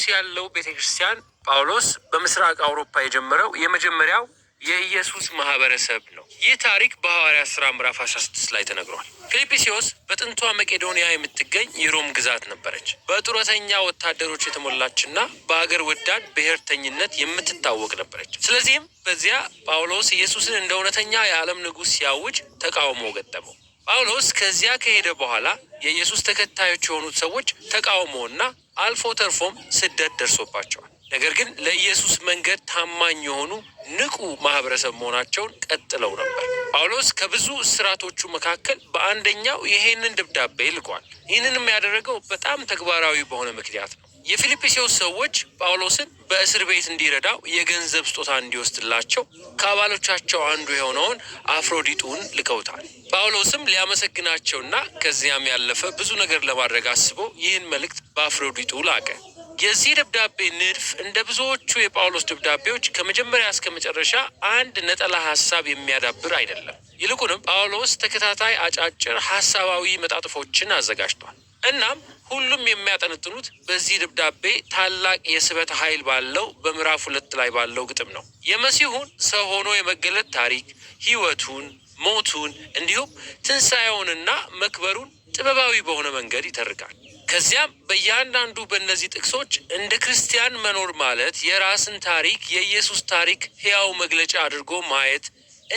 ስ ያለው ቤተ ክርስቲያን ጳውሎስ በምስራቅ አውሮፓ የጀመረው የመጀመሪያው የኢየሱስ ማህበረሰብ ነው። ይህ ታሪክ በሐዋርያ ሥራ ምዕራፍ 16 ላይ ተነግሯል። ፊልጵስዮስ በጥንቷ መቄዶንያ የምትገኝ የሮም ግዛት ነበረች። በጡረተኛ ወታደሮች የተሞላችና በአገር ወዳድ ብሔርተኝነት የምትታወቅ ነበረች። ስለዚህም በዚያ ጳውሎስ ኢየሱስን እንደ እውነተኛ የዓለም ንጉሥ ሲያውጅ ተቃውሞ ገጠመው። ጳውሎስ ከዚያ ከሄደ በኋላ የኢየሱስ ተከታዮች የሆኑት ሰዎች ተቃውሞና አልፎ ተርፎም ስደት ደርሶባቸዋል። ነገር ግን ለኢየሱስ መንገድ ታማኝ የሆኑ ንቁ ማህበረሰብ መሆናቸውን ቀጥለው ነበር። ጳውሎስ ከብዙ እስራቶቹ መካከል በአንደኛው ይሄንን ደብዳቤ ልኳል። ይህንንም ያደረገው በጣም ተግባራዊ በሆነ ምክንያት ነው። የፊልጵስዩስ ሰዎች ጳውሎስን በእስር ቤት እንዲረዳው የገንዘብ ስጦታ እንዲወስድላቸው ከአባሎቻቸው አንዱ የሆነውን አፍሮዲጡን ልከውታል። ጳውሎስም ሊያመሰግናቸውና ከዚያም ያለፈ ብዙ ነገር ለማድረግ አስቦ ይህን መልእክት በአፍሮዲጡ ላቀ የዚህ ደብዳቤ ንድፍ እንደ ብዙዎቹ የጳውሎስ ደብዳቤዎች ከመጀመሪያ እስከ መጨረሻ አንድ ነጠላ ሀሳብ የሚያዳብር አይደለም። ይልቁንም ጳውሎስ ተከታታይ አጫጭር ሀሳባዊ መጣጥፎችን አዘጋጅቷል። እናም ሁሉም የሚያጠነጥኑት በዚህ ደብዳቤ ታላቅ የስበት ኃይል ባለው በምዕራፍ ሁለት ላይ ባለው ግጥም ነው። የመሲሁን ሰው ሆኖ የመገለጥ ታሪክ ሕይወቱን፣ ሞቱን እንዲሁም ትንሣኤውንና መክበሩን ጥበባዊ በሆነ መንገድ ይተርካል። ከዚያም በእያንዳንዱ በእነዚህ ጥቅሶች እንደ ክርስቲያን መኖር ማለት የራስን ታሪክ የኢየሱስ ታሪክ ሕያው መግለጫ አድርጎ ማየት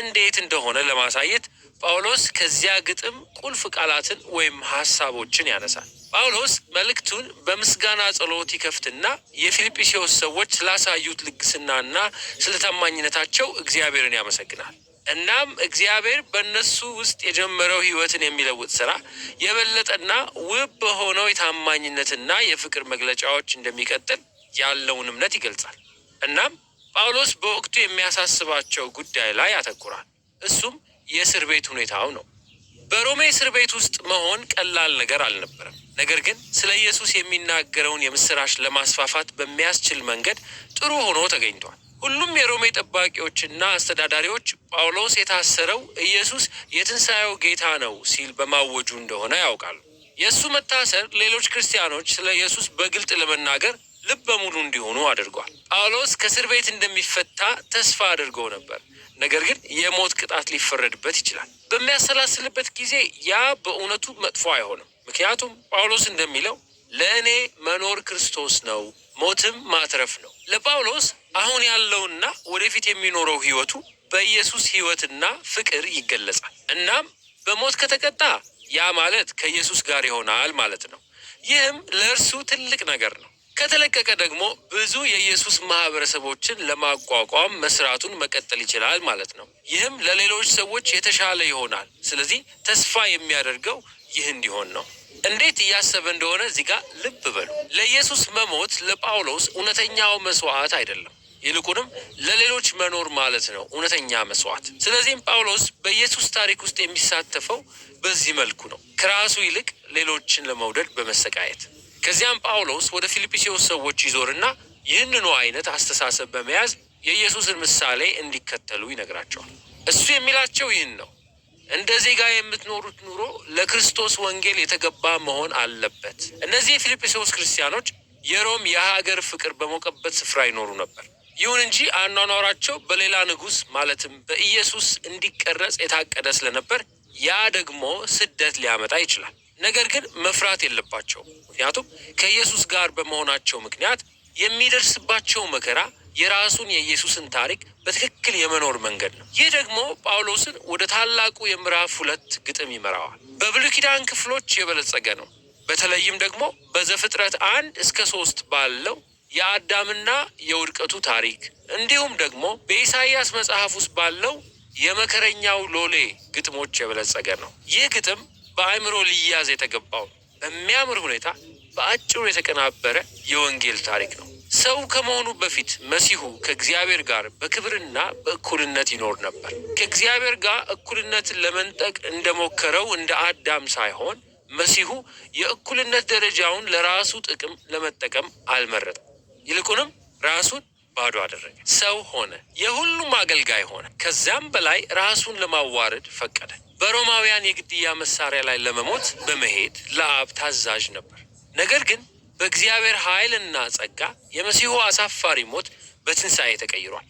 እንዴት እንደሆነ ለማሳየት ጳውሎስ ከዚያ ግጥም ቁልፍ ቃላትን ወይም ሐሳቦችን ያነሳል። ጳውሎስ መልእክቱን በምስጋና ጸሎት ይከፍትና የፊልጵስዎስ ሰዎች ስላሳዩት ልግስናና ስለ ታማኝነታቸው እግዚአብሔርን ያመሰግናል። እናም እግዚአብሔር በእነሱ ውስጥ የጀመረው ሕይወትን የሚለውጥ ስራ የበለጠና ውብ በሆነው የታማኝነትና የፍቅር መግለጫዎች እንደሚቀጥል ያለውን እምነት ይገልጻል። እናም ጳውሎስ በወቅቱ የሚያሳስባቸው ጉዳይ ላይ ያተኩራል። እሱም የእስር ቤት ሁኔታው ነው። በሮሜ እስር ቤት ውስጥ መሆን ቀላል ነገር አልነበረም። ነገር ግን ስለ ኢየሱስ የሚናገረውን የምስራች ለማስፋፋት በሚያስችል መንገድ ጥሩ ሆኖ ተገኝቷል። ሁሉም የሮሜ ጠባቂዎችና አስተዳዳሪዎች ጳውሎስ የታሰረው ኢየሱስ የትንሣኤው ጌታ ነው ሲል በማወጁ እንደሆነ ያውቃሉ። የእሱ መታሰር ሌሎች ክርስቲያኖች ስለ ኢየሱስ በግልጥ ለመናገር ልብ በሙሉ እንዲሆኑ አድርጓል። ጳውሎስ ከእስር ቤት እንደሚፈታ ተስፋ አድርገው ነበር። ነገር ግን የሞት ቅጣት ሊፈረድበት ይችላል። በሚያሰላስልበት ጊዜ ያ በእውነቱ መጥፎ አይሆንም። ምክንያቱም ጳውሎስ እንደሚለው ለእኔ መኖር ክርስቶስ ነው፣ ሞትም ማትረፍ ነው። ለጳውሎስ አሁን ያለውና ወደፊት የሚኖረው ሕይወቱ በኢየሱስ ሕይወትና ፍቅር ይገለጻል። እናም በሞት ከተቀጣ ያ ማለት ከኢየሱስ ጋር ይሆናል ማለት ነው። ይህም ለእርሱ ትልቅ ነገር ነው። ከተለቀቀ ደግሞ ብዙ የኢየሱስ ማህበረሰቦችን ለማቋቋም መስራቱን መቀጠል ይችላል ማለት ነው። ይህም ለሌሎች ሰዎች የተሻለ ይሆናል። ስለዚህ ተስፋ የሚያደርገው ይህ እንዲሆን ነው። እንዴት እያሰበ እንደሆነ እዚህ ጋር ልብ በሉ። ለኢየሱስ መሞት ለጳውሎስ እውነተኛው መስዋዕት አይደለም፣ ይልቁንም ለሌሎች መኖር ማለት ነው እውነተኛ መስዋዕት። ስለዚህም ጳውሎስ በኢየሱስ ታሪክ ውስጥ የሚሳተፈው በዚህ መልኩ ነው፣ ከራሱ ይልቅ ሌሎችን ለመውደድ በመሰቃየት ከዚያም ጳውሎስ ወደ ፊልጵስዩስ ሰዎች ይዞርና ይህንኑ አይነት አስተሳሰብ በመያዝ የኢየሱስን ምሳሌ እንዲከተሉ ይነግራቸዋል። እሱ የሚላቸው ይህን ነው። እንደ ዜጋ የምትኖሩት ኑሮ ለክርስቶስ ወንጌል የተገባ መሆን አለበት። እነዚህ የፊልጵስዩስ ክርስቲያኖች የሮም የሀገር ፍቅር በሞቀበት ስፍራ ይኖሩ ነበር። ይሁን እንጂ አኗኗራቸው በሌላ ንጉሥ ማለትም በኢየሱስ እንዲቀረጽ የታቀደ ስለነበር ያ ደግሞ ስደት ሊያመጣ ይችላል። ነገር ግን መፍራት የለባቸው። ምክንያቱም ከኢየሱስ ጋር በመሆናቸው ምክንያት የሚደርስባቸው መከራ የራሱን የኢየሱስን ታሪክ በትክክል የመኖር መንገድ ነው። ይህ ደግሞ ጳውሎስን ወደ ታላቁ የምዕራፍ ሁለት ግጥም ይመራዋል። በብሉይ ኪዳን ክፍሎች የበለጸገ ነው። በተለይም ደግሞ በዘፍጥረት አንድ እስከ ሶስት ባለው የአዳምና የውድቀቱ ታሪክ እንዲሁም ደግሞ በኢሳይያስ መጽሐፍ ውስጥ ባለው የመከረኛው ሎሌ ግጥሞች የበለጸገ ነው። ይህ ግጥም በአእምሮ ሊያዝ የተገባው በሚያምር ሁኔታ በአጭሩ የተቀናበረ የወንጌል ታሪክ ነው። ሰው ከመሆኑ በፊት መሲሁ ከእግዚአብሔር ጋር በክብርና በእኩልነት ይኖር ነበር። ከእግዚአብሔር ጋር እኩልነትን ለመንጠቅ እንደሞከረው እንደ አዳም ሳይሆን መሲሁ የእኩልነት ደረጃውን ለራሱ ጥቅም ለመጠቀም አልመረጠም። ይልቁንም ራሱን ባዶ አደረገ። ሰው ሆነ፣ የሁሉም አገልጋይ ሆነ። ከዚያም በላይ ራሱን ለማዋረድ ፈቀደ። በሮማውያን የግድያ መሳሪያ ላይ ለመሞት በመሄድ ለአብ ታዛዥ ነበር። ነገር ግን በእግዚአብሔር ኃይልና ጸጋ የመሲሁ አሳፋሪ ሞት በትንሣኤ ተቀይሯል።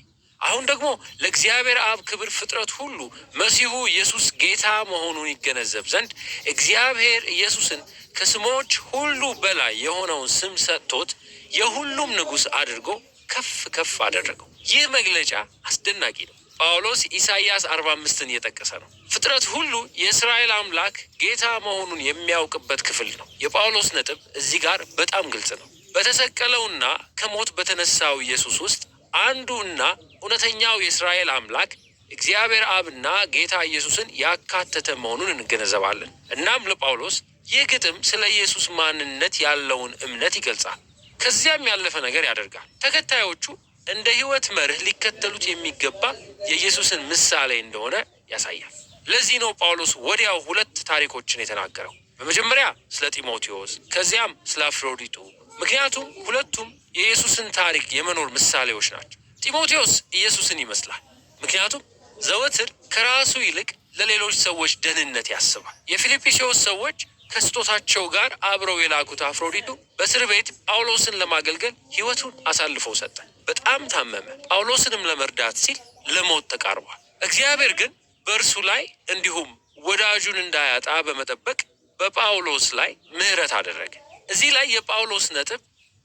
አሁን ደግሞ ለእግዚአብሔር አብ ክብር ፍጥረት ሁሉ መሲሁ ኢየሱስ ጌታ መሆኑን ይገነዘብ ዘንድ እግዚአብሔር ኢየሱስን ከስሞች ሁሉ በላይ የሆነውን ስም ሰጥቶት የሁሉም ንጉሥ አድርጎ ከፍ ከፍ አደረገው። ይህ መግለጫ አስደናቂ ነው። ጳውሎስ ኢሳይያስ 45ን እየጠቀሰ ነው። ፍጥረት ሁሉ የእስራኤል አምላክ ጌታ መሆኑን የሚያውቅበት ክፍል ነው። የጳውሎስ ነጥብ እዚህ ጋር በጣም ግልጽ ነው። በተሰቀለውና ከሞት በተነሳው ኢየሱስ ውስጥ አንዱ እና እውነተኛው የእስራኤል አምላክ እግዚአብሔር አብና ጌታ ኢየሱስን ያካተተ መሆኑን እንገነዘባለን። እናም ለጳውሎስ ይህ ግጥም ስለ ኢየሱስ ማንነት ያለውን እምነት ይገልጻል፣ ከዚያም ያለፈ ነገር ያደርጋል። ተከታዮቹ እንደ ህይወት መርህ ሊከተሉት የሚገባ የኢየሱስን ምሳሌ እንደሆነ ያሳያል። ለዚህ ነው ጳውሎስ ወዲያው ሁለት ታሪኮችን የተናገረው። በመጀመሪያ ስለ ጢሞቴዎስ፣ ከዚያም ስለ አፍሮዲጡ። ምክንያቱም ሁለቱም የኢየሱስን ታሪክ የመኖር ምሳሌዎች ናቸው። ጢሞቴዎስ ኢየሱስን ይመስላል፣ ምክንያቱም ዘወትር ከራሱ ይልቅ ለሌሎች ሰዎች ደህንነት ያስባል። የፊልጵስዩስ ሰዎች ከስጦታቸው ጋር አብረው የላኩት አፍሮዲጡ በእስር ቤት ጳውሎስን ለማገልገል ህይወቱን አሳልፈው ሰጠ። በጣም ታመመ። ጳውሎስንም ለመርዳት ሲል ለሞት ተቃርቧል። እግዚአብሔር ግን በእርሱ ላይ እንዲሁም ወዳጁን እንዳያጣ በመጠበቅ በጳውሎስ ላይ ምሕረት አደረገ። እዚህ ላይ የጳውሎስ ነጥብ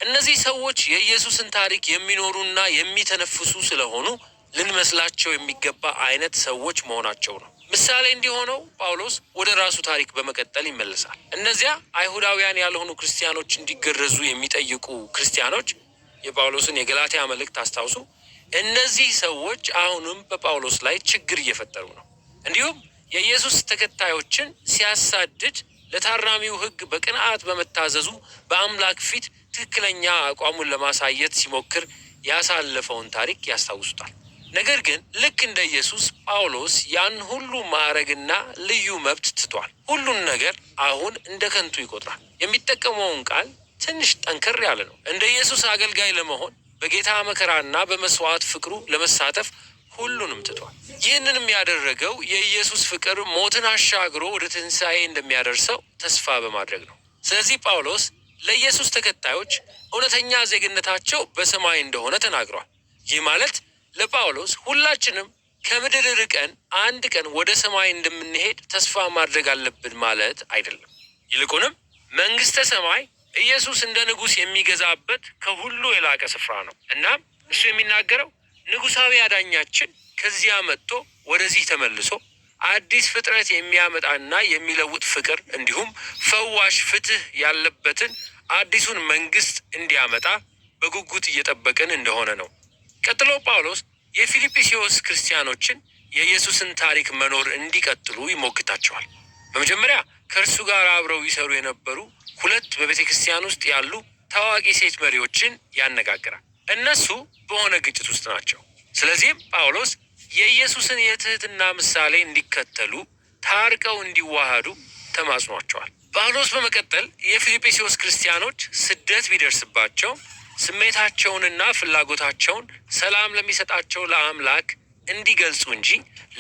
እነዚህ ሰዎች የኢየሱስን ታሪክ የሚኖሩና የሚተነፍሱ ስለሆኑ ልንመስላቸው የሚገባ አይነት ሰዎች መሆናቸው ነው። ምሳሌ እንዲሆነው ጳውሎስ ወደ ራሱ ታሪክ በመቀጠል ይመልሳል። እነዚያ አይሁዳውያን ያልሆኑ ክርስቲያኖች እንዲገረዙ የሚጠይቁ ክርስቲያኖች የጳውሎስን የገላትያ መልእክት አስታውሱ። እነዚህ ሰዎች አሁንም በጳውሎስ ላይ ችግር እየፈጠሩ ነው። እንዲሁም የኢየሱስ ተከታዮችን ሲያሳድድ ለታራሚው ሕግ በቅንዓት በመታዘዙ በአምላክ ፊት ትክክለኛ አቋሙን ለማሳየት ሲሞክር ያሳለፈውን ታሪክ ያስታውሱታል። ነገር ግን ልክ እንደ ኢየሱስ ጳውሎስ ያን ሁሉ ማዕረግና ልዩ መብት ትቷል። ሁሉን ነገር አሁን እንደ ከንቱ ይቆጥራል። የሚጠቀመውን ቃል ትንሽ ጠንከር ያለ ነው። እንደ ኢየሱስ አገልጋይ ለመሆን በጌታ መከራና በመስዋዕት ፍቅሩ ለመሳተፍ ሁሉንም ትቷል። ይህንንም ያደረገው የኢየሱስ ፍቅር ሞትን አሻግሮ ወደ ትንሣኤ እንደሚያደርሰው ተስፋ በማድረግ ነው። ስለዚህ ጳውሎስ ለኢየሱስ ተከታዮች እውነተኛ ዜግነታቸው በሰማይ እንደሆነ ተናግሯል። ይህ ማለት ለጳውሎስ ሁላችንም ከምድር ርቀን አንድ ቀን ወደ ሰማይ እንደምንሄድ ተስፋ ማድረግ አለብን ማለት አይደለም። ይልቁንም መንግሥተ ሰማይ ኢየሱስ እንደ ንጉሥ የሚገዛበት ከሁሉ የላቀ ስፍራ ነው። እናም እሱ የሚናገረው ንጉሳዊ አዳኛችን ከዚያ መጥቶ ወደዚህ ተመልሶ አዲስ ፍጥረት የሚያመጣና የሚለውጥ ፍቅር እንዲሁም ፈዋሽ ፍትህ ያለበትን አዲሱን መንግስት እንዲያመጣ በጉጉት እየጠበቅን እንደሆነ ነው። ቀጥሎ ጳውሎስ የፊልጵስዩስ ክርስቲያኖችን የኢየሱስን ታሪክ መኖር እንዲቀጥሉ ይሞግታቸዋል። በመጀመሪያ ከእርሱ ጋር አብረው ይሰሩ የነበሩ ሁለት በቤተ ክርስቲያን ውስጥ ያሉ ታዋቂ ሴት መሪዎችን ያነጋግራል። እነሱ በሆነ ግጭት ውስጥ ናቸው። ስለዚህም ጳውሎስ የኢየሱስን የትህትና ምሳሌ እንዲከተሉ ታርቀው እንዲዋሃዱ ተማጽኗቸዋል። ጳውሎስ በመቀጠል የፊልጵስዎስ ክርስቲያኖች ስደት ቢደርስባቸው ስሜታቸውንና ፍላጎታቸውን ሰላም ለሚሰጣቸው ለአምላክ እንዲገልጹ እንጂ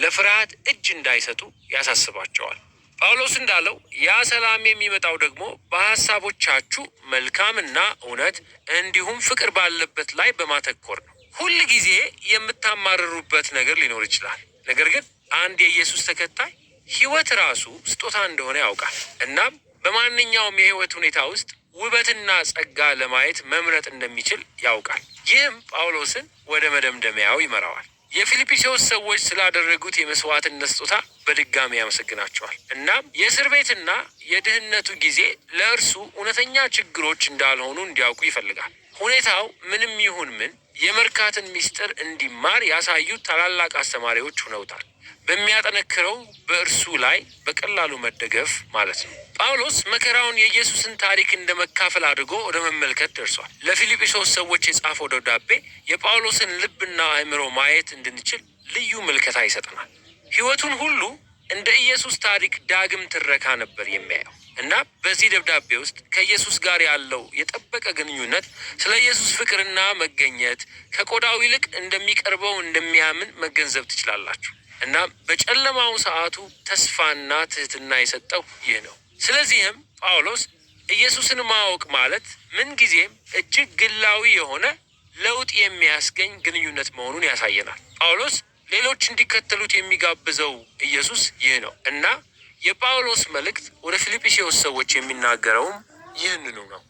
ለፍርሃት እጅ እንዳይሰጡ ያሳስባቸዋል። ጳውሎስ እንዳለው ያ ሰላም የሚመጣው ደግሞ በሀሳቦቻችሁ መልካምና እውነት እንዲሁም ፍቅር ባለበት ላይ በማተኮር ነው። ሁል ጊዜ የምታማርሩበት ነገር ሊኖር ይችላል። ነገር ግን አንድ የኢየሱስ ተከታይ ሕይወት ራሱ ስጦታ እንደሆነ ያውቃል። እናም በማንኛውም የሕይወት ሁኔታ ውስጥ ውበትና ጸጋ ለማየት መምረጥ እንደሚችል ያውቃል። ይህም ጳውሎስን ወደ መደምደሚያው ይመራዋል። የፊልጵስዩስ ሰዎች ስላደረጉት የመስዋዕትነት ስጦታ በድጋሚ ያመሰግናቸዋል። እናም የእስር ቤትና የድህነቱ ጊዜ ለእርሱ እውነተኛ ችግሮች እንዳልሆኑ እንዲያውቁ ይፈልጋል። ሁኔታው ምንም ይሁን ምን የመርካትን ምስጢር እንዲማር ያሳዩት ታላላቅ አስተማሪዎች ሆነውታል። በሚያጠነክረው በእርሱ ላይ በቀላሉ መደገፍ ማለት ነው። ጳውሎስ መከራውን የኢየሱስን ታሪክ እንደ መካፈል አድርጎ ወደ መመልከት ደርሷል። ለፊልጵሶስ ሰዎች የጻፈው ደብዳቤ የጳውሎስን ልብና አእምሮ ማየት እንድንችል ልዩ ምልከታ ይሰጠናል። ሕይወቱን ሁሉ እንደ ኢየሱስ ታሪክ ዳግም ትረካ ነበር የሚያየው። እና በዚህ ደብዳቤ ውስጥ ከኢየሱስ ጋር ያለው የጠበቀ ግንኙነት ስለ ኢየሱስ ፍቅርና መገኘት ከቆዳው ይልቅ እንደሚቀርበው እንደሚያምን መገንዘብ ትችላላችሁ። እና በጨለማው ሰዓቱ ተስፋና ትህትና የሰጠው ይህ ነው። ስለዚህም ጳውሎስ ኢየሱስን ማወቅ ማለት ምንጊዜም እጅግ ግላዊ የሆነ ለውጥ የሚያስገኝ ግንኙነት መሆኑን ያሳየናል። ጳውሎስ ሌሎች እንዲከተሉት የሚጋብዘው ኢየሱስ ይህ ነው እና የጳውሎስ መልእክት ወደ ፊልጵስዩስ ሰዎች የሚናገረውም ይህንኑ ነው።